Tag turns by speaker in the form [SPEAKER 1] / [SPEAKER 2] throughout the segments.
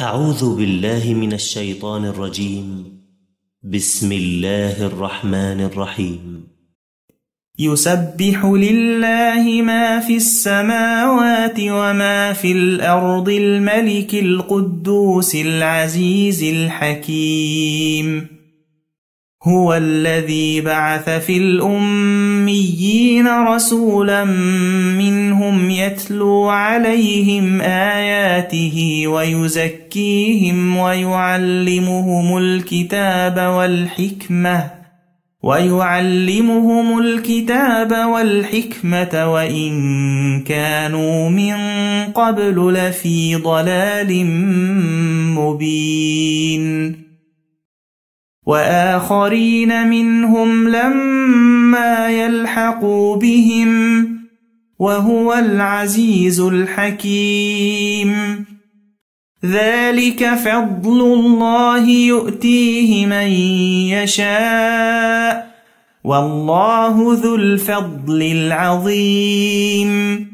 [SPEAKER 1] أعوذ بالله من الشيطان الرجيم بسم الله الرحمن الرحيم يسبح لله ما في السماوات وما في الأرض الملك القدوس العزيز الحكيم هو الذي بعث في الأميين رسولا منهم يتلو عليهم آياته ويزكيهم ويعلمهم الكتاب والحكمة ويعلمهم الكتاب والحكمة وإن كانوا من قبل لفي ضلال مبين وآخرين منهم لما يلحقوا بهم وهو العزيز الحكيم ذلك فضل الله يؤتيه من يشاء والله ذو الفضل العظيم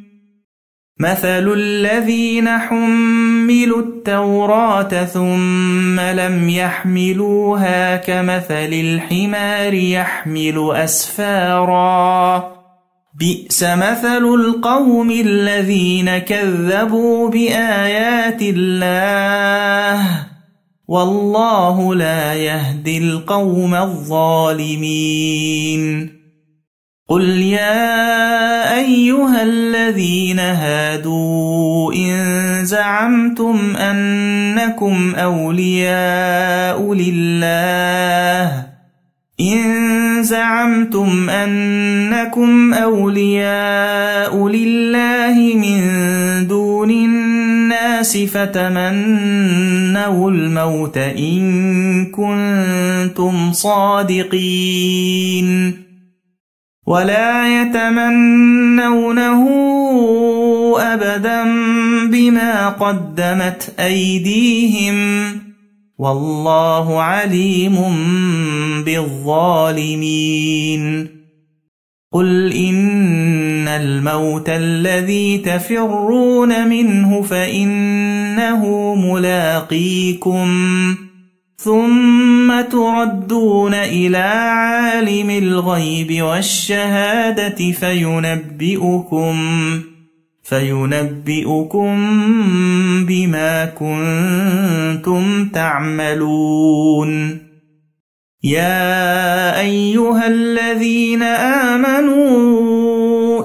[SPEAKER 1] مثل الذين حملوا التوراة ثم لم يحملوها كمثل الحمار يحمل أسفارا بئس مثل القوم الذين كذبوا بآيات الله والله لا يهدي القوم الظالمين قل يا أيها الذين هادوا إن زعمتم أنكم أولياء لله إن زعمتم أنكم أولياء لله من دون الناس فتمنوا الموت إن كنتم صادقين ولا يتمنونه أبدا بما قدمت أيديهم والله عليم بالظالمين قل إن الموت الذي تفرون منه فإنه ملاقيكم ثم تردون إلى عالم الغيب والشهادة فينبئكم فينبئكم بما كنتم تعملون يا أيها الذين آمنوا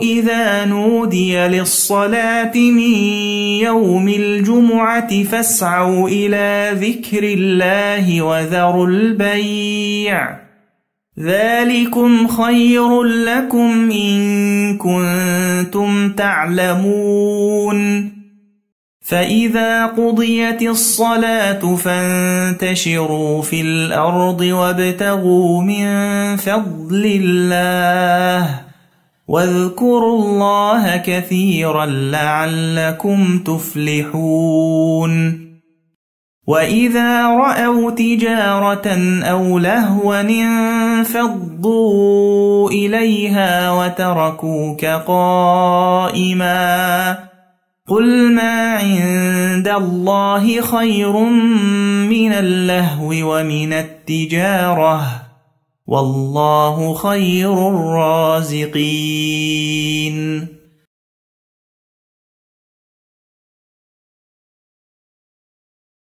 [SPEAKER 1] إذا نودي للصلاة من يوم الجمعة فاسعوا إلى ذكر الله وذروا البيع ذلكم خير لكم إن كنتم تعلمون فإذا قضيت الصلاة فانتشروا في الأرض وابتغوا من فضل الله واذكروا الله كثيرا لعلكم تفلحون واذا راوا تجاره او لهوا انفضوا اليها وتركوك قائما قل ما عند الله خير من اللهو ومن التجاره والله خير الرازقين